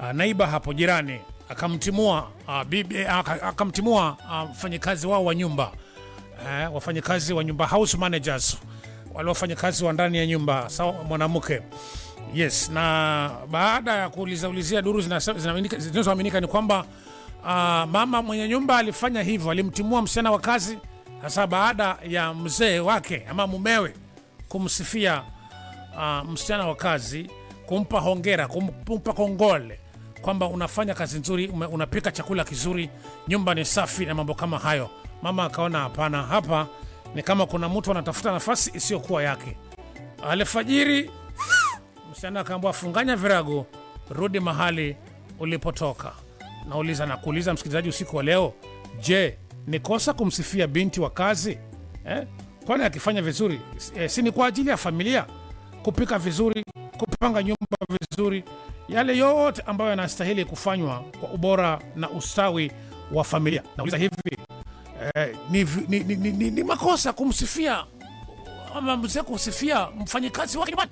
Ah, naiba hapo jirani akamtimua ah, bibi ah, akamtimua mfanyakazi wao wa nyumba eh, wafanyakazi wa nyumba house managers wale wafanyakazi wa ndani ya nyumba sawa, mwanamke yes. Na baada ya kuuliza ulizia, duru zinazoaminika ni kwamba uh, mama mwenye nyumba alifanya hivyo, alimtimua msichana wa kazi hasa baada ya mzee wake ama mumewe kumsifia uh, msichana wa kazi, kumpa hongera, kumpa kongole kwamba unafanya kazi nzuri, unapika chakula kizuri, nyumba ni safi na mambo kama hayo. Mama akaona hapana, hapa ni kama kuna mtu anatafuta nafasi isiyokuwa yake. Alfajiri msichana akaambua funganya virago, rudi mahali ulipotoka. Nauliza na kuuliza msikilizaji usiku wa leo, je, ni kosa kumsifia binti wa kazi eh? Kwani akifanya vizuri eh, si ni kwa ajili ya familia? Kupika vizuri, kupanga nyumba vizuri yale yote ambayo yanastahili kufanywa kwa ubora na ustawi wa familia. Nauliza hivi eh, ni, ni, ni, ni, ni makosa kumsifia ama mzee mfanyikazi wake nyumbani?